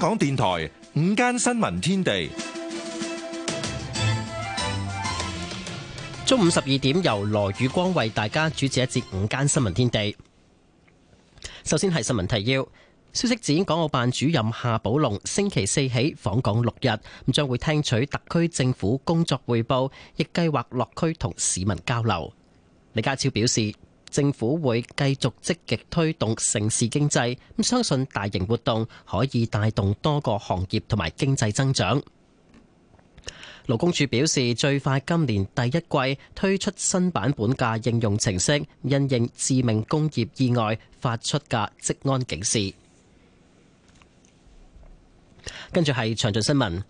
香港電台午間新聞天地，中午十二點由羅宇光為大家主持一節午間新聞天地。首先係新聞提要，消息指港澳辦主任夏寶龍星期四起訪港六日，咁將會聽取特區政府工作匯報，亦計劃落區同市民交流。李家超表示。政府會繼續積極推動城市經濟，咁相信大型活動可以帶動多個行業同埋經濟增長。勞工處表示，最快今年第一季推出新版本嘅應用程式，因應致命工業意外發出嘅職安警示。跟住係詳盡新聞。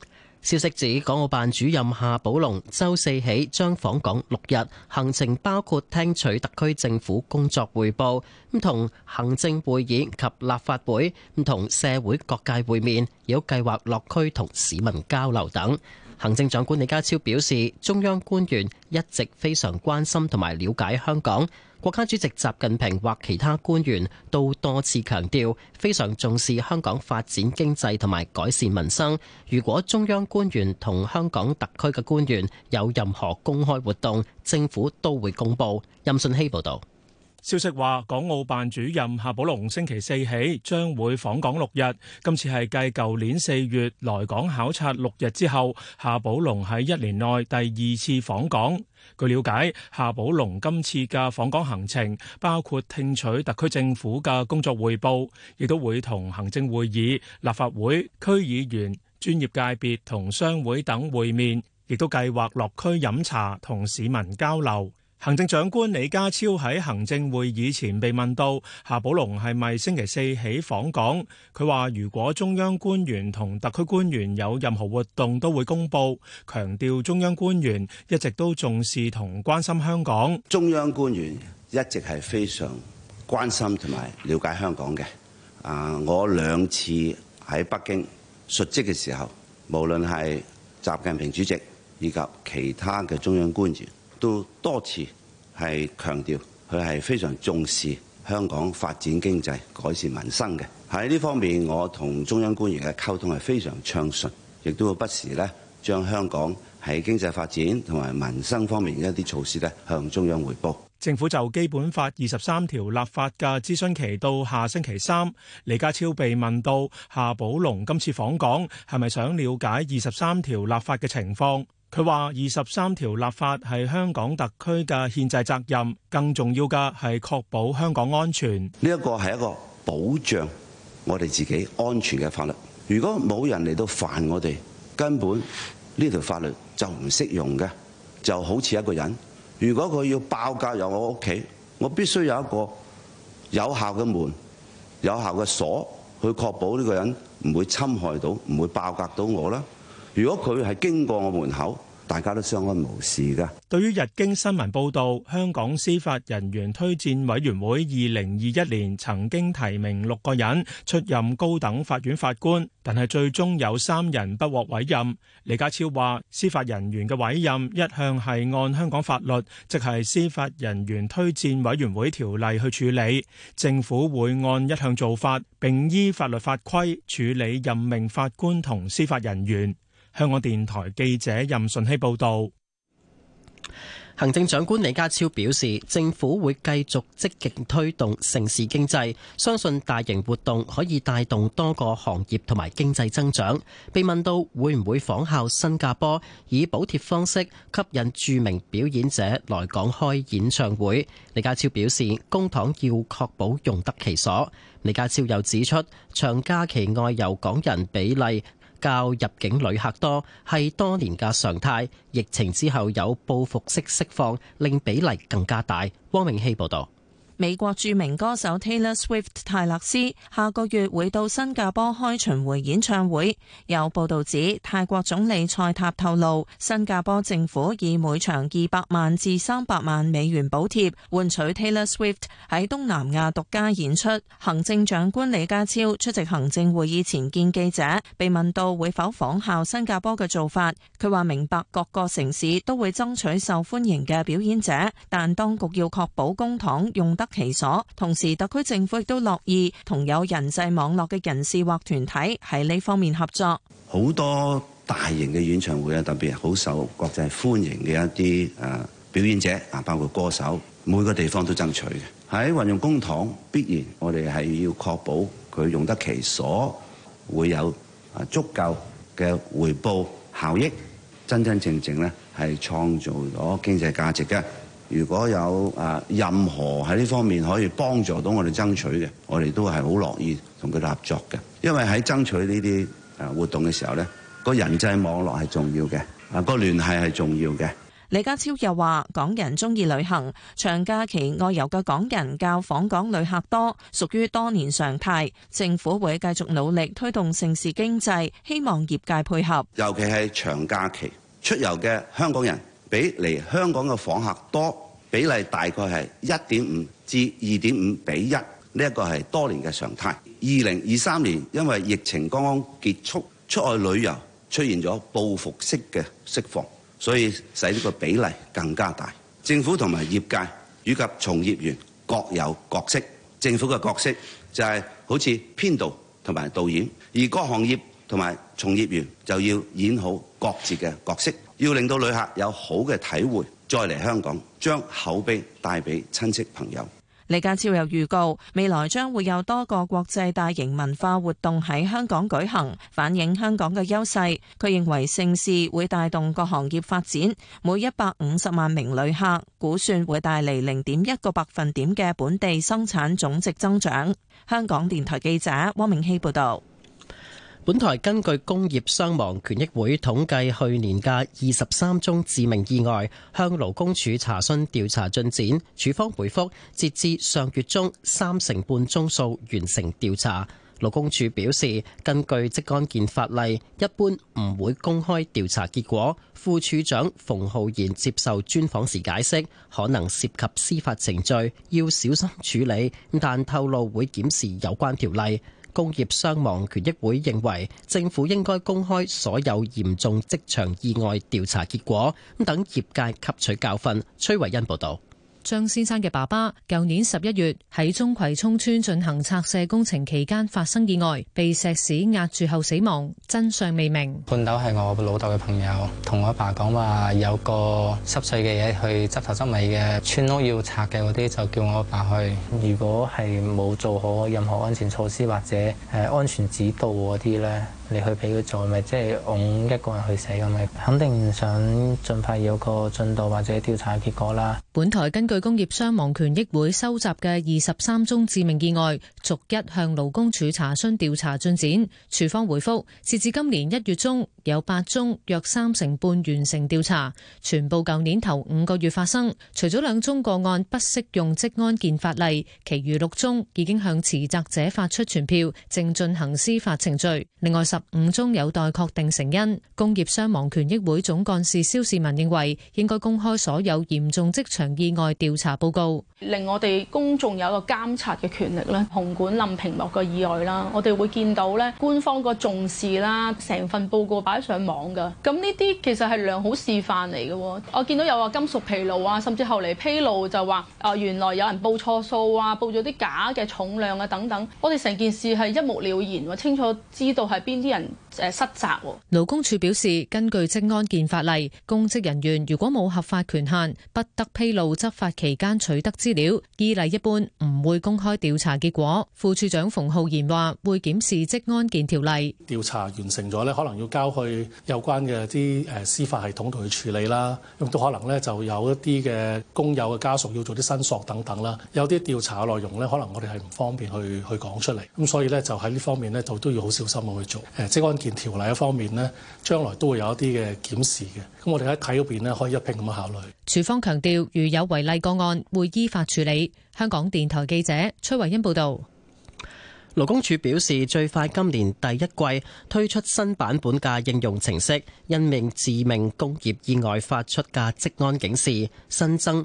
消息指，港澳辦主任夏寶龍周四起將訪港六日，行程包括聽取特區政府工作匯報，咁同行政會議及立法會同社會各界會面，有計劃落區同市民交流等。行政長官李家超表示，中央官員一直非常關心同埋了解香港。國家主席習近平或其他官員都多次強調，非常重視香港發展經濟同埋改善民生。如果中央官員同香港特區嘅官員有任何公開活動，政府都會公佈。任信希報道。消息話，港澳辦主任夏寶龍星期四起將會訪港六日。今次係繼舊年四月來港考察六日之後，夏寶龍喺一年內第二次訪港。據了解，夏寶龍今次嘅訪港行程包括聽取特區政府嘅工作報告，亦都會同行政會議、立法會、區議員、專業界別同商會等會面，亦都計劃落區飲茶同市民交流。行政長官李家超喺行政會議前被問到夏寶龍係咪星期四起訪港？佢話如果中央官員同特區官員有任何活動都會公布，強調中央官員一直都重視同關心香港。中央官員一直係非常關心同埋了解香港嘅。啊，我兩次喺北京述職嘅時候，無論係習近平主席以及其他嘅中央官員。都多次係強調佢係非常重視香港發展經濟，改善民生嘅。喺呢方面，我同中央官員嘅溝通係非常暢順，亦都會不時咧將香港喺經濟發展同埋民生方面嘅一啲措施咧向中央匯報。政府就《基本法》二十三條立法嘅諮詢期到下星期三，李家超被問到夏寶龍今次訪港係咪想了解二十三條立法嘅情況？佢話二十三條立法係香港特區嘅憲制責任，更重要嘅係確保香港安全。呢一個係一個保障我哋自己安全嘅法律。如果冇人嚟到犯我哋，根本呢條法律就唔適用嘅。就好似一個人，如果佢要爆格入我屋企，我必須有一個有效嘅門、有效嘅鎖，去確保呢個人唔會侵害到、唔會爆格到我啦。如果佢係經過我門口，大家都相安無事噶。對於日經新聞報道，香港司法人員推薦委員會二零二一年曾經提名六個人出任高等法院法官，但係最終有三人不獲委任。李家超話，司法人員嘅委任一向係按香港法律，即係《司法人員推薦委員會條例》去處理。政府會按一向做法，並依法律法規處理任命法官同司法人員。香港電台記者任順希報道，行政長官李家超表示，政府會繼續積極推動城市經濟，相信大型活動可以帶動多個行業同埋經濟增長。被問到會唔會仿效新加坡以補貼方式吸引著名表演者來港開演唱會，李家超表示，公帑要確保用得其所。李家超又指出，長假期外遊港人比例，較入境旅客多，係多年嘅常態。疫情之後有報復式釋放，令比例更加大。汪永熙報道。美國著名歌手 Taylor Swift 泰勒斯下個月會到新加坡開巡迴演唱會。有報道指，泰國總理賽塔透露，新加坡政府以每場二百萬至三百萬美元補貼，換取 Taylor Swift 喺東南亞獨家演出。行政長官李家超出席行政會議前見記者，被問到會否仿效新加坡嘅做法，佢話明白各個城市都會爭取受歡迎嘅表演者，但當局要確保公帑用得其所，同時特區政府亦都樂意同有人際網絡嘅人士或團體喺呢方面合作。好多大型嘅演唱會啊，特別好受國際歡迎嘅一啲誒表演者啊，包括歌手，每個地方都爭取嘅。喺運用公帑，必然我哋係要確保佢用得其所，會有啊足夠嘅回報效益，真真正正咧係創造咗經濟價值嘅。如果有啊任何喺呢方面可以幫助到我哋爭取嘅，我哋都係好樂意同佢合作嘅。因為喺爭取呢啲誒活動嘅時候咧，個人際網絡係重要嘅，啊個聯繫係重要嘅。李家超又話港人中意旅行，長假期外遊嘅港人較訪港旅客多，屬於多年常態，政府會繼續努力推動盛事經濟，希望業界配合。尤其係長假期出遊嘅香港人。比嚟香港嘅訪客多比例大概係一點五至二點五比一，呢一個係多年嘅常態。二零二三年因為疫情剛剛結束，出外旅遊出現咗報復式嘅釋放，所以使呢個比例更加大。政府同埋業界以及從業員各有角色。政府嘅角色就係好似編導同埋導演，而各行業同埋從業員就要演好各自嘅角色。要令到旅客有好嘅體會，再嚟香港，將口碑帶俾親戚朋友。李家超又預告，未來將會有多個國際大型文化活動喺香港舉行，反映香港嘅優勢，佢認為盛事會帶動各行業發展。每一百五十萬名旅客，估算會帶嚟零點一個百分點嘅本地生產總值增長。香港電台記者汪明熙報道。本台根據工業傷亡權益會統計去年嘅二十三宗致命意外，向勞工處查詢調查進展。處方回覆，截至上月中，三成半宗數完成調查。勞工處表示，根據職安健法例，一般唔會公開調查結果。副處長馮浩然接受專訪時解釋，可能涉及司法程序，要小心處理，但透露會檢視有關條例。工業傷亡權益會認為政府應該公開所有嚴重職場意外調查結果，等業界吸取教訓。崔慧恩報導。張先生嘅爸爸舊年十一月喺中葵涌村進行拆卸工程期間發生意外，被石屎壓住後死亡，真相未明。判頭係我老豆嘅朋友，同我阿爸講話有個濕碎嘅嘢，去執頭執尾嘅村屋要拆嘅嗰啲，就叫我阿爸去。如果係冇做好任何安全措施或者誒，安全指導嗰啲呢。你去俾佢做咪即係一個人去寫咁咪，肯定想盡快有個進度或者調查結果啦。本台根據工業傷亡權益會收集嘅二十三宗致命意外，逐一向勞工處查詢調查進展。處方回覆截至今年一月中，有八宗約三成半完成調查，全部舊年頭五個月發生。除咗兩宗個案不適用職安健法例，其餘六宗已經向持責者發出傳票，正進行司法程序。另外十。五宗有待確定成因。工業傷亡權益會總幹事蕭士文認為，應該公開所有嚴重職場意外調查報告。令我哋公眾有個監察嘅權力咧，紅館冧屏幕嘅意外啦，我哋會見到咧，官方個重視啦，成份報告擺上網噶，咁呢啲其實係良好示範嚟嘅喎。我見到有話金屬疲勞啊，甚至後嚟披露就話啊、呃，原來有人報錯數啊，報咗啲假嘅重量啊等等，我哋成件事係一目了然，清楚知道係邊啲人誒失責。勞工處表示，根據《職安健法例》，公職人員如果冇合法權限，不得披露執法期間取得之。資料依例一般唔會公開調查結果。副處長馮浩然話：會檢視職安健條例。調查完成咗咧，可能要交去有關嘅啲誒司法系統同去處理啦。咁都可能咧就有一啲嘅工友嘅家屬要做啲申索等等啦。有啲調查嘅內容咧，可能我哋係唔方便去去講出嚟。咁所以咧就喺呢方面咧，就都要好小心去做。誒，職安健條例一方面咧，將來都會有一啲嘅檢視嘅。咁我哋喺睇嗰邊咧，可以一併咁樣考慮。署方強調，如有違例個案，會依法處理。香港電台記者崔維欣報道。勞工處表示，最快今年第一季推出新版本嘅應用程式，因應致命工業意外發出嘅職安警示，新增。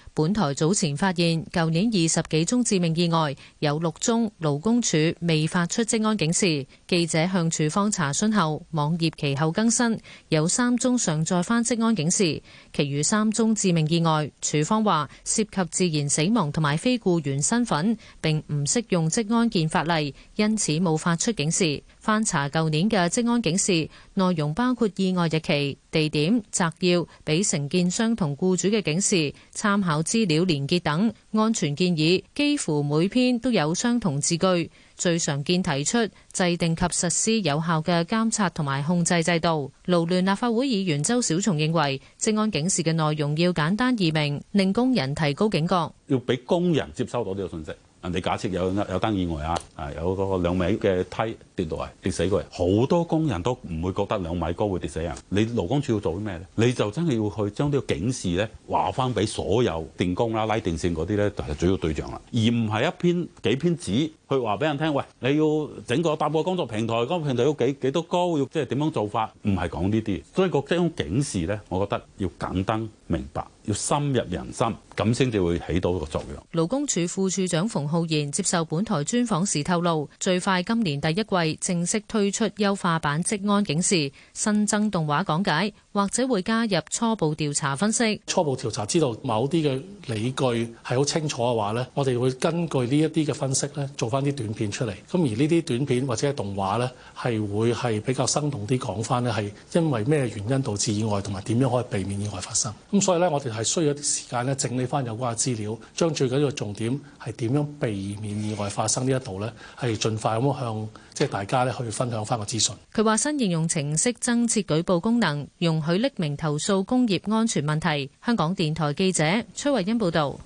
本台早前發現，舊年二十幾宗致命意外，有六宗勞工處未發出職安警示。記者向處方查詢後，網頁其後更新，有三宗上載返職安警示，其餘三宗致命意外，處方話涉及自然死亡同埋非僱員身份，並唔適用職安健法例，因此冇發出警示。翻查舊年嘅職安警示，內容包括意外日期、地點、摘要，俾承建商同僱主嘅警示、參考資料連結等安全建議，幾乎每篇都有相同字句。最常見提出制定及實施有效嘅監察同埋控制制度。勞聯立法會議員周小松認為，職安警示嘅內容要簡單易明，令工人提高警覺，要俾工人接收到呢個信息。你假設有有單意外啊，啊有嗰個兩米嘅梯跌落嚟跌死個人，好多工人都唔會覺得兩米高會跌死人。你勞工處要做啲咩咧？你就真係要去將呢個警示咧話翻俾所有電工啦、拉電線嗰啲咧，就係主要對象啦，而唔係一篇幾篇紙。佢話俾人聽，喂，你要整個搭個工作平台，個平台要幾幾多高，要即係點樣做法，唔係講呢啲。所以個即係警示咧，我覺得要簡單明白，要深入人心，咁先至會起到一個作用。勞工處副處長馮浩然接受本台專訪時透露，最快今年第一季正式推出優化版職安警示，新增動畫講解，或者會加入初步調查分析。初步調查知道某啲嘅理據係好清楚嘅話咧，我哋會根據呢一啲嘅分析咧，做翻。啲短片出嚟咁，而呢啲短片或者動畫呢，係會係比較生動啲講翻呢，係因為咩原因導致意外，同埋點樣可以避免意外發生咁。所以呢，我哋係需要一啲時間呢，整理翻有關嘅資料，將最緊要重點係點樣避免意外發生呢一度呢，係盡快咁樣向即係大家呢去分享翻個資訊。佢話新應用程式增設舉報功能，容許匿名投訴工業安全問題。香港電台記者崔慧欣報道。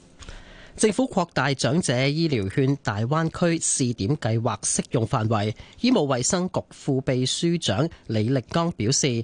政府擴大長者醫療券大灣區試點計劃適用範圍，醫務衛生局副秘書長李力剛表示。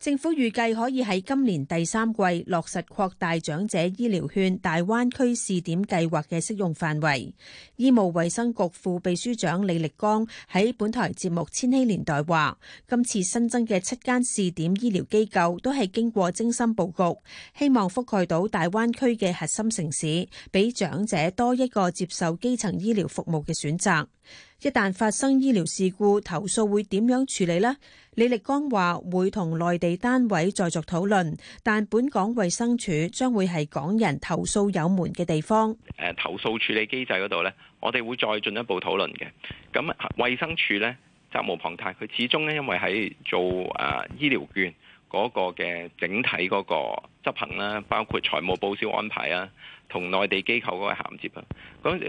政府預計可以喺今年第三季落實擴大長者醫療券大灣區試點計劃嘅適用範圍，醫務衛生局副秘書長李力光喺本台節目《千禧年代》話，今次新增嘅七間試點醫療機構都係經過精心佈局，希望覆蓋到大灣區嘅核心城市，俾長者多一個接受基層醫療服務嘅選擇。一旦發生醫療事故投訴會點樣處理呢？李力剛話會同內地單位再作討論，但本港衛生署將會係港人投訴有門嘅地方。誒，投訴處理機制嗰度咧，我哋會再進一步討論嘅。咁衛生署咧責無旁貸，佢始終咧，因為喺做誒醫療券。嗰個嘅整體嗰個執行啦，包括財務報銷安排啊，同內地機構嗰個銜接啊，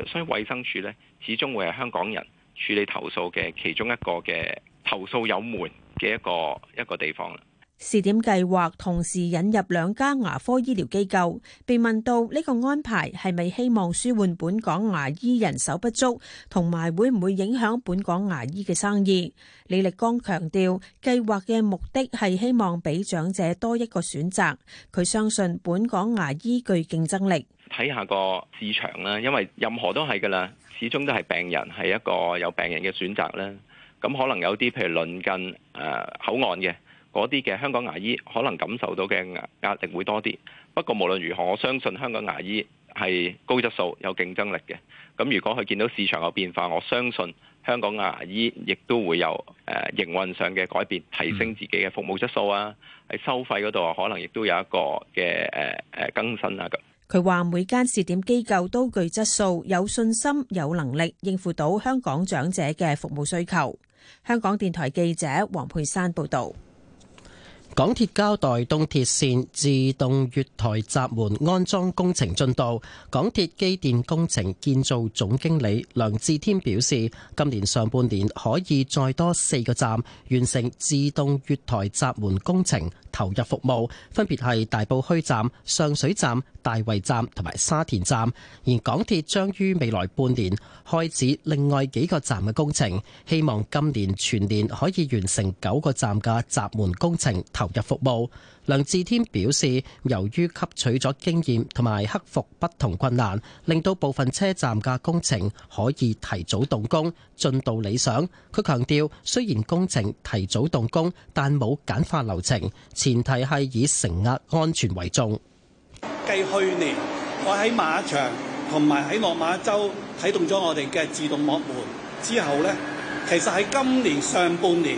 所以衛生署呢，始終會係香港人處理投訴嘅其中一個嘅投訴有門嘅一個一個地方。試點計劃同時引入兩家牙科醫療機構，被問到呢個安排係咪希望舒緩本港牙醫人手不足，同埋會唔會影響本港牙醫嘅生意？李力剛強調，計劃嘅目的係希望俾長者多一個選擇。佢相信本港牙醫具競爭力，睇下個市場啦，因為任何都係噶啦，始終都係病人係一個有病人嘅選擇啦。咁可能有啲譬如鄰近誒口岸嘅。嗰啲嘅香港牙醫可能感受到嘅壓壓力會多啲，不過無論如何，我相信香港牙醫係高質素、有競爭力嘅。咁如果佢見到市場嘅變化，我相信香港牙醫亦都會有誒營運上嘅改變提升自己嘅服務質素啊。喺收費嗰度啊，可能亦都有一個嘅誒誒更新啊。佢話每間試點機構都具質素，有信心有能力應付到香港長者嘅服務需求。香港電台記者黃佩珊報道。港鐵交代東鐵綫自動月台閘門安裝工程進度。港鐵機電工程建造總經理梁志天表示，今年上半年可以再多四個站完成自動月台閘門工程投入服務，分別係大埔墟站、上水站、大圍站同埋沙田站。而港鐵將於未來半年開始另外幾個站嘅工程，希望今年全年可以完成九個站嘅閘門工程。投入服務，梁志天表示，由於吸取咗經驗同埋克服不同困難，令到部分車站嘅工程可以提早動工，進度理想。佢強調，雖然工程提早動工，但冇簡化流程，前提係以乘客安全為重。繼去年我喺馬場同埋喺落馬洲啟動咗我哋嘅自動幕門之後呢，其實喺今年上半年，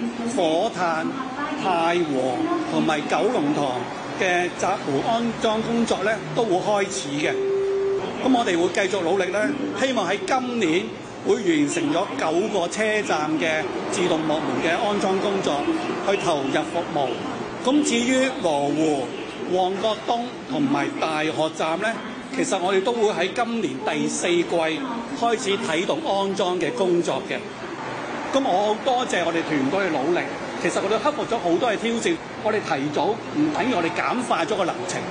火炭、太和同埋九龍塘嘅閘湖安裝工作咧，都會開始嘅。咁我哋會繼續努力咧，希望喺今年會完成咗九個車站嘅自動落門嘅安裝工作，去投入服務。咁至於羅湖、旺角東同埋大學站咧，其實我哋都會喺今年第四季開始啟動安裝嘅工作嘅。咁我好多謝我哋團隊嘅努力。其實我哋克服咗好多嘅挑戰，我哋提早，唔等於我哋簡化咗個流程。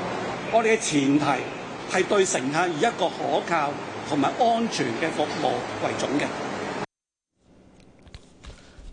我哋嘅前提係對乘客以一個可靠同埋安全嘅服務為準嘅。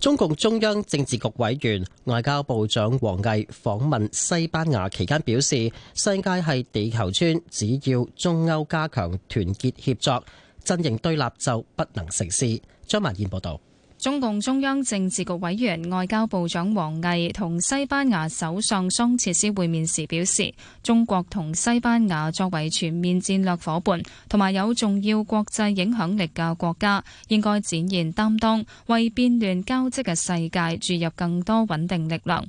中共中央政治局委員、外交部長王毅訪問西班牙期間表示，世界係地球村，只要中歐加強團結協作，陣營對立就不能成事。張文燕報導。中共中央政治局委員、外交部長王毅同西班牙首相桑切斯會面時表示，中國同西班牙作為全面戰略夥伴，同埋有重要國際影響力嘅國家，應該展現擔當，為變亂交織嘅世界注入更多穩定力量。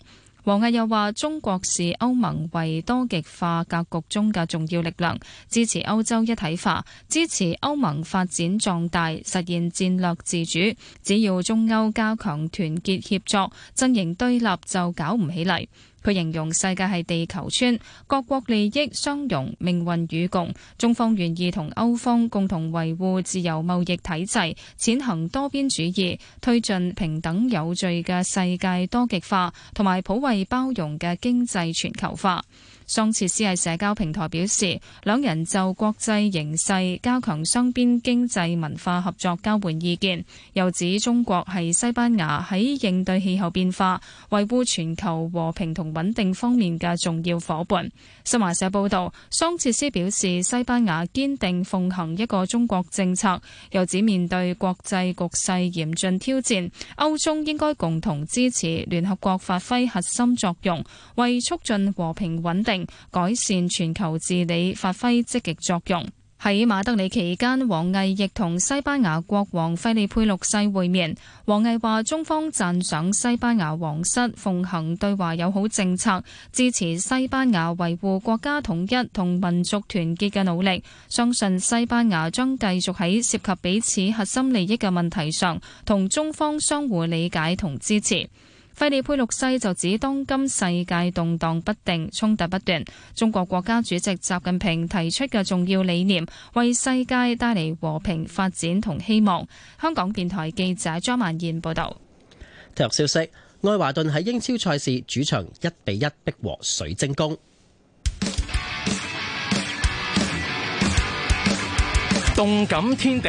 王毅又話：中國是歐盟為多極化格局中嘅重要力量，支持歐洲一體化，支持歐盟發展壯大，實現戰略自主。只要中歐加強團結協作，陣營對立就搞唔起嚟。佢形容世界係地球村，各國利益相融，命運與共。中方願意同歐方共同維護自由貿易體制，踐行多邊主義，推進平等有序嘅世界多極化，同埋普惠包容嘅經濟全球化。桑切斯喺社交平台表示，兩人就國際形勢加強雙邊經濟文化合作交換意見，又指中國係西班牙喺應對氣候變化、維護全球和平同穩定方面嘅重要伙伴。新華社報道，桑切斯表示，西班牙堅定奉行一個中國政策，又指面對國際局勢嚴峻挑戰，歐中應該共同支持聯合國發揮核心作用，為促進和平穩定，改善全球治理，發揮積極作用。喺馬德里期間，王毅亦同西班牙國王菲利佩六世會面。王毅話：中方讚賞西班牙王室奉行對華友好政策，支持西班牙維護國家統一同民族團結嘅努力。相信西班牙將繼續喺涉及彼此核心利益嘅問題上，同中方相互理解同支持。費利佩六世就指，當今世界動盪不定，衝突不斷。中國國家主席習近平提出嘅重要理念，為世界帶嚟和平發展同希望。香港電台記者張曼燕報道。體育消息：愛華頓喺英超賽事主場一比一逼和水晶宮。動感天地。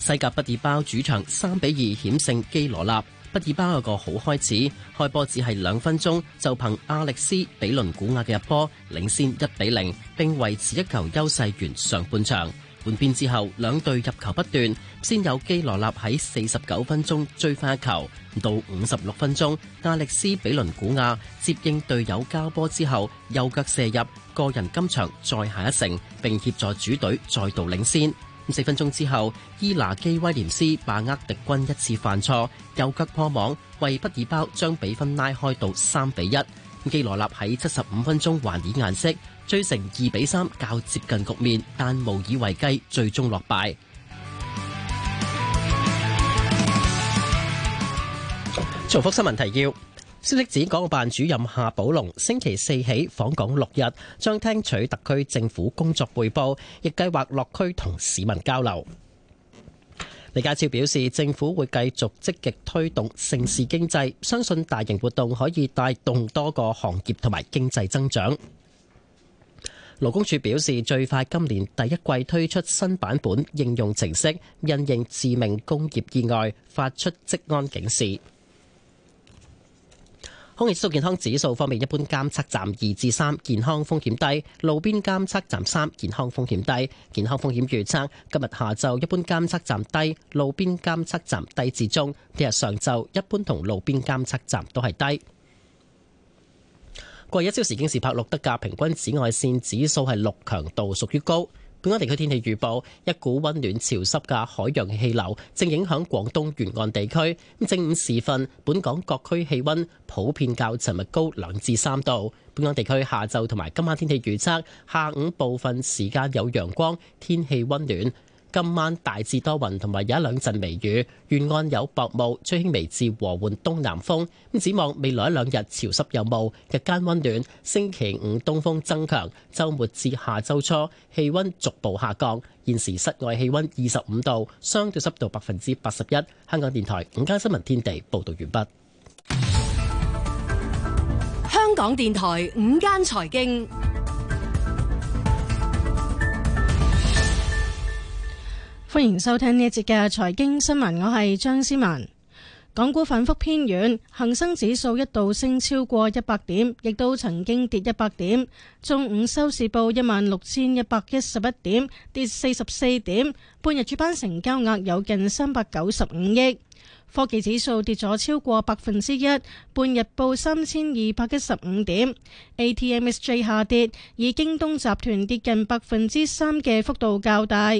西甲畢爾包主場三比二險勝基羅納，畢爾包有個好開始，開波只係兩分鐘就憑阿歷斯比倫古亞嘅入波領先一比零，並維持一球優勢完上半場。換邊之後兩隊入球不斷，先有基羅納喺四十九分鐘追翻一球，到五十六分鐘阿歷斯比倫古亞接應隊友交波之後右腳射入，個人今場再下一城，並協助主隊再度領先。四分鐘之後，伊拿基威廉斯把握敵軍一次犯錯，右腳破網，為畢爾包將比分拉開到三比一。基羅納喺七十五分鐘還以顏色，追成二比三，較接近局面，但無以為繼，最終落敗。重複新聞提要。消息指港澳辦主任夏寶龍星期四起訪港六日，將聽取特區政府工作匯報，亦計劃落區同市民交流。李家超表示，政府會繼續積極推動盛事經濟，相信大型活動可以帶動多個行業同埋經濟增長。勞工處表示，最快今年第一季推出新版本應用程式，因應致命工業意外，發出職安警示。空氣質素健康指數方面，一般監測站二至三，健康風險低；路邊監測站三，健康風險低。健康風險預測今日下晝一般監測站低，路邊監測站低至中。聽日上晝一般同路邊監測站都係低。過去一小時京士柏錄得嘅平均紫外線指數係六，強度屬於高。本港地區天氣預報，一股温暖潮濕嘅海洋氣流正影響廣東沿岸地區。咁正午時分，本港各區氣温普遍較尋日高兩至三度。本港地區下晝同埋今晚天氣預測，下午部分時間有陽光，天氣温暖。今晚大致多雲，同埋有一兩陣微雨，沿岸有薄霧，吹輕微至和緩東南風。咁展望未來一兩日潮濕有霧，日間溫暖。星期五東風增強，周末至下周初氣溫逐步下降。現時室外氣溫二十五度，相對濕度百分之八十一。香港電台午間新聞天地報道完畢。香港電台午間財經。歡迎收聽呢一節嘅財經新聞，我係張思文。港股反覆偏軟，恒生指數一度升超過一百點，亦都曾經跌一百點。中午收市報一萬六千一百一十一點，跌四十四點。半日主板成交額有近三百九十五億。科技指數跌咗超過百分之一，半日報三千二百一十五點。ATMSJ 下跌，以京東集團跌近百分之三嘅幅度較大。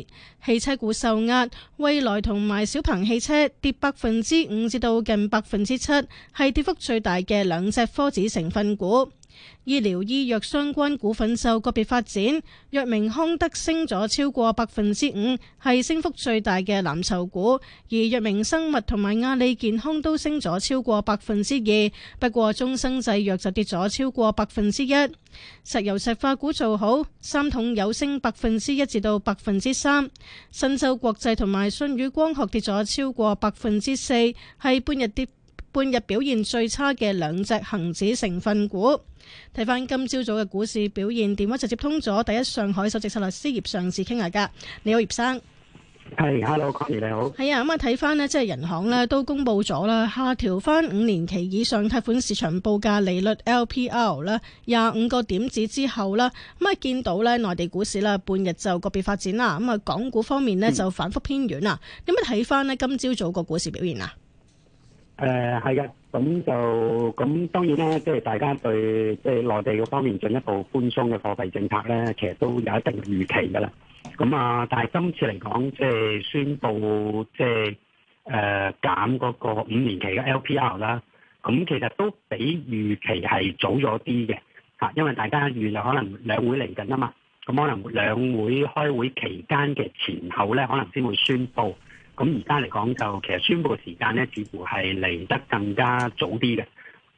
汽車股受壓，蔚來同埋小鵬汽車跌百分之五至到近百分之七，係跌幅最大嘅兩隻科指成分股。醫療醫藥相關股份就個別發展，藥明康德升咗超過百分之五，係升幅最大嘅藍籌股；而藥明生物同埋阿里健康都升咗超過百分之二。不過，中生製藥就跌咗超過百分之一。石油石化股做好，三桶油升百分之一至到百分之三。申洲國際同埋舜宇光學跌咗超過百分之四，係半日跌半日表現最差嘅兩隻恒指成分股。睇翻今朝早嘅股市表現，電話就接通咗第一上海首席策略師葉尚志傾下噶。你好，葉生。係、hey,，Hello，Connie，你好。係啊，咁啊，睇翻呢，即係人行咧都公布咗啦，下調翻五年期以上貸款市場報價利率 LPR 咧廿五個點子之後啦，咁啊見到咧內地股市啦半日就個別發展啦，咁啊港股方面呢，就反復偏軟啊。咁樣睇翻呢，今朝早個股市表現啊？誒係嘅，咁、呃、就咁當然啦，即係大家對即係內地嗰方面進一步寬鬆嘅貨幣政策咧，其實都有一定預期㗎啦。咁、嗯、啊，但係今次嚟講，即係宣布，即係誒、呃、減嗰個五年期嘅 LPR 啦。咁、嗯、其實都比預期係早咗啲嘅嚇，因為大家預料可能兩會嚟緊啊嘛。咁、嗯、可能兩會開會期間嘅前後咧，可能先會宣布。咁而家嚟講就其實宣佈嘅時間咧，似乎係嚟得更加早啲嘅。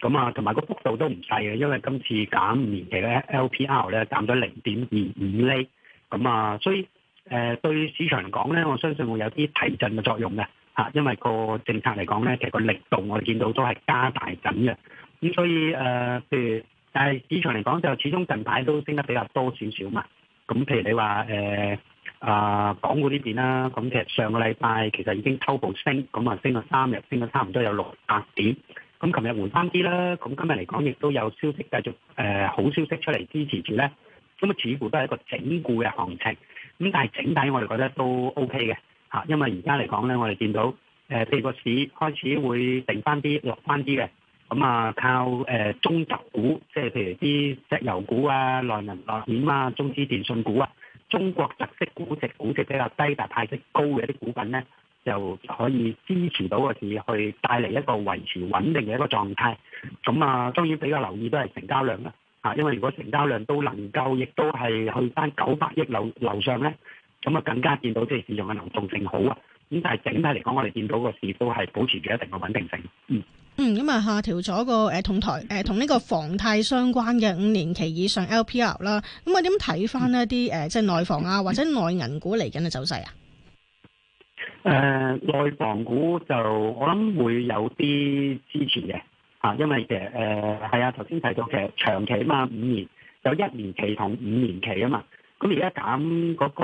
咁啊，同埋個幅度都唔細嘅，因為今次減五年期嘅 LPR 咧減咗零點二五厘。咁啊，所以誒、呃、對市場嚟講咧，我相信會有啲提振嘅作用嘅嚇。因為個政策嚟講咧，其實個力度我哋見到都係加大緊嘅。咁所以誒、呃，譬如但係市場嚟講就始終近排都升得比較多少少嘛。咁譬如你話誒、呃啊，港股呢邊啦，咁其實上個禮拜其實已經偷步升，咁啊升咗三日，升咗差唔多有六百點。咁琴日換翻啲啦，咁今日嚟講亦都有消息繼續誒好消息出嚟支持住咧，咁啊似乎都係一個整固嘅行情。咁但係整體我哋覺得都 OK 嘅嚇，因為而家嚟講咧，我哋見到誒譬如個市開始會定翻啲落翻啲嘅，咁啊靠誒中集股，即係譬如啲石油股啊、內銀內險啊、中資電信股啊。中國特色估值，估值比較低但派息高嘅一啲股份呢，就可以支持到個市，去帶嚟一個維持穩定嘅一個狀態。咁啊，當然比較留意都係成交量啦。啊，因為如果成交量都能夠，亦都係去返九百億樓樓上呢，咁啊，更加見到即係市場嘅流動性好啊。咁但係整體嚟講，我哋見到個市都係保持住一定嘅穩定性。嗯，嗯，咁啊，下調咗個誒同台誒同呢個房貸相關嘅五年期以上 LPR 啦。咁我點睇翻一啲誒即係內房啊或者內銀股嚟緊嘅走勢啊？誒內房股就我諗會有啲支持嘅嚇，因為其實誒係啊，頭先提到其實長期啊嘛，五年有一年期同五年期啊嘛。咁而家減嗰個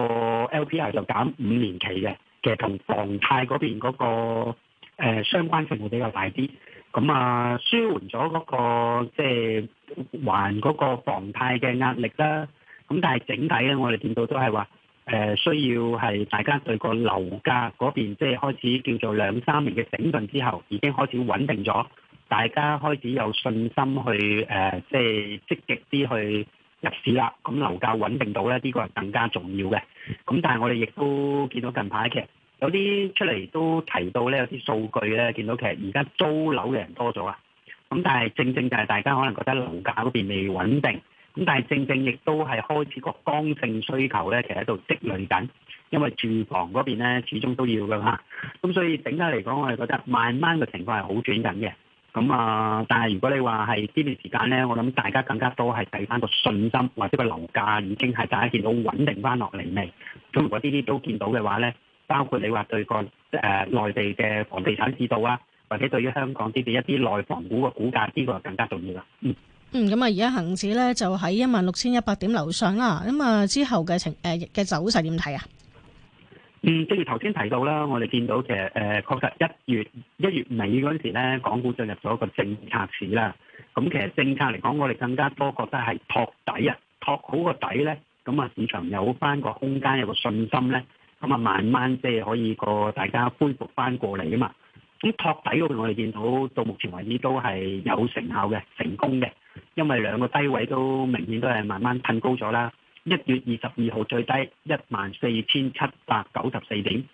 LPR 就減五年期嘅。其實同房貸嗰邊嗰、那個、呃、相關性會比較大啲，咁啊舒緩咗嗰、那個即係、就是、還嗰個房貸嘅壓力啦。咁但係整體咧，我哋見到都係話誒需要係大家對個樓價嗰邊即係、就是、開始叫做兩三年嘅整頓之後，已經開始穩定咗，大家開始有信心去誒即係積極啲去。入市啦，咁樓價穩定到咧，呢個係更加重要嘅。咁但係我哋亦都見到近排其實有啲出嚟都提到咧，有啲數據咧，見到其實而家租樓嘅人多咗啊。咁但係正正就係大家可能覺得樓價嗰邊未穩定，咁但係正正亦都係開始個剛性需求咧，其實喺度積累緊，因為住房嗰邊咧始終都要噶啦。咁所以整體嚟講，我哋覺得慢慢個情況係好轉緊嘅。咁啊、嗯！但係如果你話係呢段時間咧，我諗大家更加多係睇翻個信心，或者個樓價已經係大家見到穩定翻落嚟未？咁如果呢啲都見到嘅話咧，包括你話對個誒、呃、內地嘅房地產市道啊，或者對於香港呢邊一啲內房股嘅股價，呢、呢個更加重要啦。嗯嗯，咁啊，而家恆指咧就喺一萬六千一百點樓上啦。咁、嗯、啊，之後嘅情誒嘅走勢點睇啊？嗯，正如頭先提到啦，我哋見到其實誒、呃、確實一月一月尾嗰陣時咧，港股進入咗個政策市啦。咁、嗯、其實政策嚟講，我哋更加多覺得係托底啊，托好個底咧，咁啊市場有翻個空間，有個信心咧，咁、嗯、啊慢慢即係可以個大家恢復翻過嚟啊嘛。咁、嗯、托底嗰邊，我哋見到到目前為止都係有成效嘅，成功嘅，因為兩個低位都明顯都係慢慢噴高咗啦。一月二十二號最低一萬四千七百九十四點，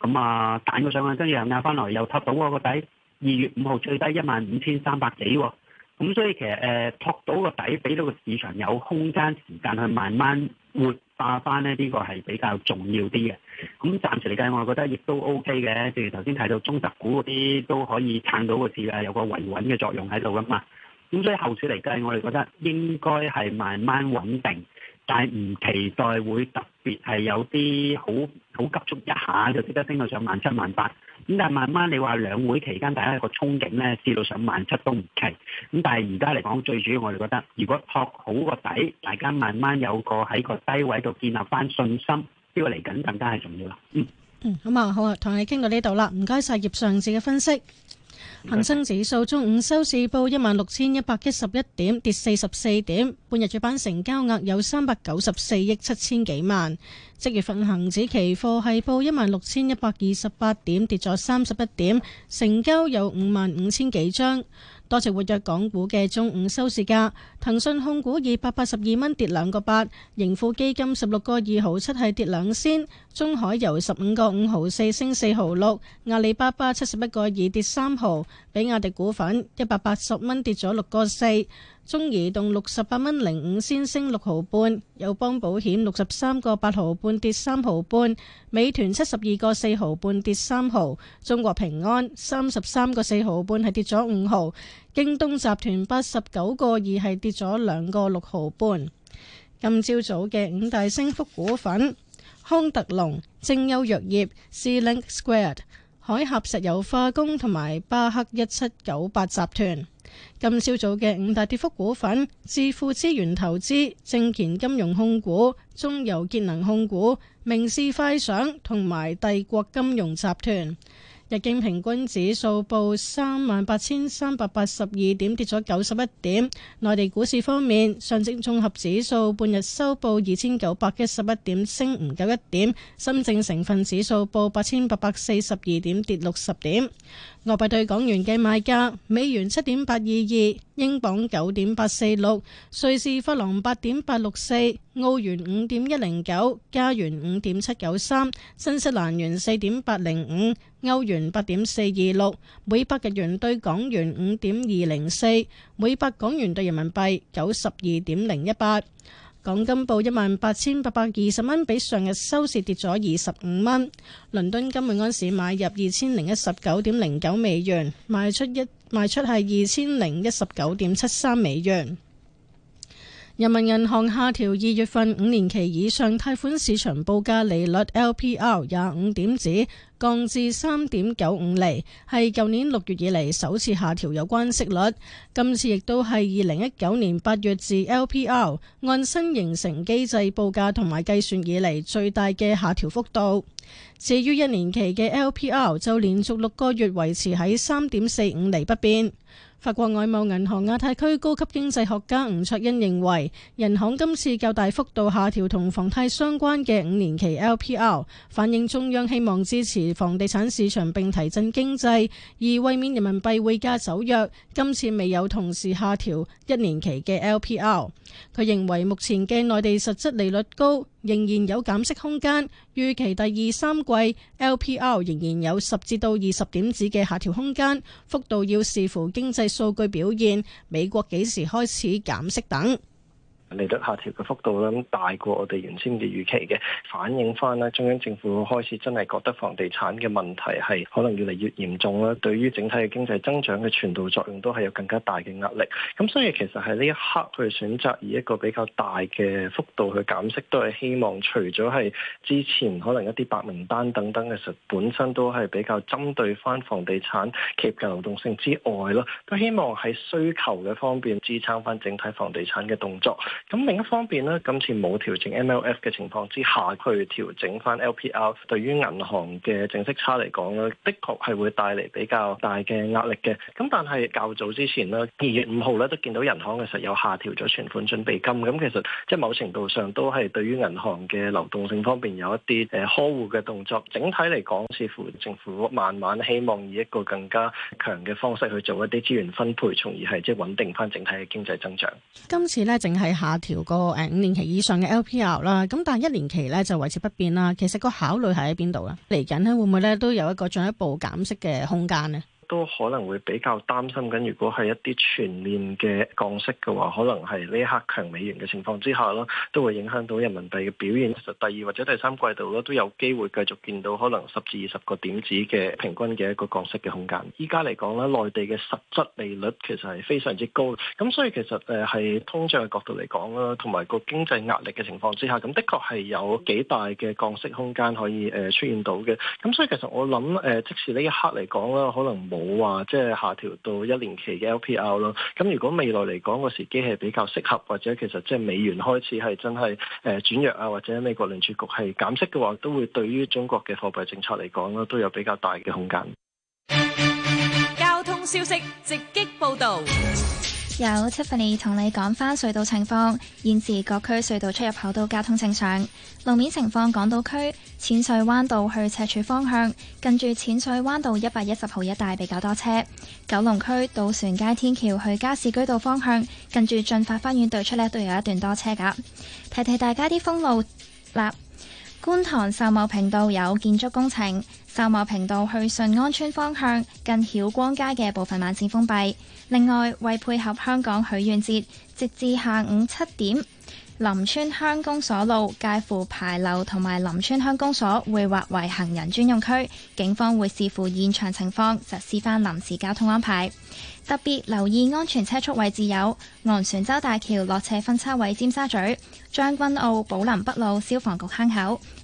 咁啊彈個上去，跟住又壓翻來，又托到個底。二月五號最低一萬五千三百幾喎，咁所以其實誒托到個底，俾到個市場有空間時間去慢慢活化翻呢。呢、呢個係比較重要啲嘅。咁暫時嚟計，我覺得亦都 O K 嘅。正如頭先睇到中特股嗰啲都可以撐到個市啊，有個維穩嘅作用喺度噶嘛。咁所以後市嚟計，我哋覺得應該係慢慢穩定。但係唔期待會特別係有啲好好急促一下就即刻升到上萬七萬八咁，但係慢慢你話兩會期間大家個憧憬呢，至到上萬七都唔奇。咁但係而家嚟講，最主要我哋覺得，如果託好個底，大家慢慢有個喺個低位度建立翻信心，呢個嚟緊更加係重要啦。嗯嗯，好，好啊，好啊，同你傾到呢度啦，唔該曬葉尚志嘅分析。恒生指數中午收市報一萬六千一百一十一點，跌四十四點。半日主板成交額有三百九十四億七千幾萬。即月份恒指期貨係報一萬六千一百二十八點，跌咗三十一點，成交有五萬五千幾張。多隻活躍港股嘅中午收市價，騰訊控股二百八十二蚊跌兩個八，盈富基金十六個二毫七係跌兩仙，中海油十五個五毫四升四毫六，阿里巴巴七十一個二跌三毫，比亞迪股份一百八十蚊跌咗六個四。中移動六十八蚊零五先升六毫半，友邦保險六十三個八毫半跌三毫半，美團七十二個四毫半跌三毫，中國平安三十三個四毫半係跌咗五毫，京東集團八十九個二係跌咗兩個六毫半。今朝早嘅五大升幅股份：康特隆、精優藥業、C-Link Squared、Squared、海峽石油化工同埋巴克一七九八集團。今朝早嘅五大跌幅股份：智富資源投資、正健金融控股、中油潔能控股、名仕快想同埋帝國金融集團。日經平均指數報三萬八千三百八十二點，跌咗九十一點。內地股市方面，上證綜合指數半日收報二千九百一十一點，升唔夠一點。深證成分指數報八千八百四十二點，跌六十點。外幣對港元嘅賣價：美元七點八二二，英鎊九點八四六，瑞士法郎八點八六四，澳元五點一零九，加元五點七九三，新西蘭元四點八零五。歐元八點四二六，每百日元對港元五點二零四，每百港元對人民幣九十二點零一八。港金報一萬八千八百二十蚊，比上日收市跌咗二十五蚊。倫敦金每安士買入二千零一十九點零九美元，賣出一賣出係二千零一十九點七三美元。人民銀行下調二月份五年期以上貸款市場報價利率 LPR 廿五點子，降至三點九五厘，係舊年六月以嚟首次下調有關息率。今次亦都係二零一九年八月至 LPR 按新形成機制報價同埋計算以嚟最大嘅下調幅度。至於一年期嘅 LPR 就連續六個月維持喺三點四五厘不變。法國外貿銀行亞太區高級經濟學家吳卓恩認為，銀行今次較大幅度下調同房貸相關嘅五年期 LPR，反映中央希望支持房地產市場並提振經濟，而為免人民幣匯價走弱，今次未有同時下調一年期嘅 LPR。佢認為目前嘅內地實質利率高，仍然有減息空間。預期第二三季 LPR 仍然有十至到二十點子嘅下調空間，幅度要視乎經濟數據表現、美國幾時開始減息等。利率下調嘅幅度啦，大過我哋原先嘅預期嘅，反映翻啦，中央政府開始真係覺得房地產嘅問題，係可能越嚟越嚴重啦，對於整體嘅經濟增長嘅傳導作用都係有更加大嘅壓力。咁所以其實，係呢一刻去選擇，以一個比較大嘅幅度去減息，都係希望除咗係之前可能一啲白名單等等嘅，時候，本身都係比較針對翻房地產企業嘅流動性之外啦，都希望喺需求嘅方面支撐翻整體房地產嘅動作。咁另一方面咧，今次冇調整 MLF 嘅情況之下，佢調整翻 LPR，對於銀行嘅淨息差嚟講呢，的確係會帶嚟比較大嘅壓力嘅。咁但係較早之前呢，二月五號咧都見到人行其實有下調咗存款準備金，咁其實即係某程度上都係對於銀行嘅流動性方面有一啲誒呵護嘅動作。整體嚟講，似乎政府慢慢希望以一個更加強嘅方式去做一啲資源分配，從而係即係穩定翻整體嘅經濟增長。今次呢，淨係下。調個誒五年期以上嘅 LPR 啦，咁但係一年期咧就維持不變啦。其實個考慮係喺邊度咧？嚟緊咧會唔會咧都有一個進一步減息嘅空間咧？都可能會比較擔心緊，如果係一啲全面嘅降息嘅話，可能係呢一刻強美元嘅情況之下啦，都會影響到人民幣嘅表現。其實第二或者第三季度咯，都有機會繼續見到可能十至二十個點子嘅平均嘅一個降息嘅空間。依家嚟講咧，內地嘅實質利率其實係非常之高嘅，咁所以其實誒係通脹嘅角度嚟講啦，同埋個經濟壓力嘅情況之下，咁的確係有幾大嘅降息空間可以誒出現到嘅。咁所以其實我諗誒，即使呢一刻嚟講啦，可能冇話，即係下調到一年期嘅 LPR 咯。咁如果未來嚟講個時機係比較適合，或者其實即係美元開始係真係誒轉弱啊，或者美國聯儲局係減息嘅話，都會對於中國嘅貨幣政策嚟講咧，都有比較大嘅空間。交通消息直擊報導。有 Tiffany 同你講返隧道情況，現時各區隧道出入口都交通正常。路面情況，港島區淺水灣道去赤柱方向，近住淺水灣道一百一十號一帶比較多車。九龍區渡船街天橋去加士居道方向，近住駿發花園對出呢都有一段多車噶。提提大家啲封路啦。觀塘秀茂坪道有建築工程，秀茂坪道去順安村方向近曉光街嘅部分慢綫封閉。另外，為配合香港許願節，直至下午七點，林村鄉公所路介乎牌樓同埋林村鄉公所會劃為行人專用區。警方會視乎現場情況，實施翻臨時交通安排。特別留意安全車速位置有昂船洲大橋落斜分叉位、尖沙咀將軍澳寶林北路消防局坑口。